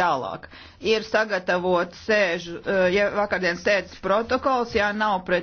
Tālāk ir sagatavots sēžu, eh, ja vakardienas sēdes protokols, ja nav pret to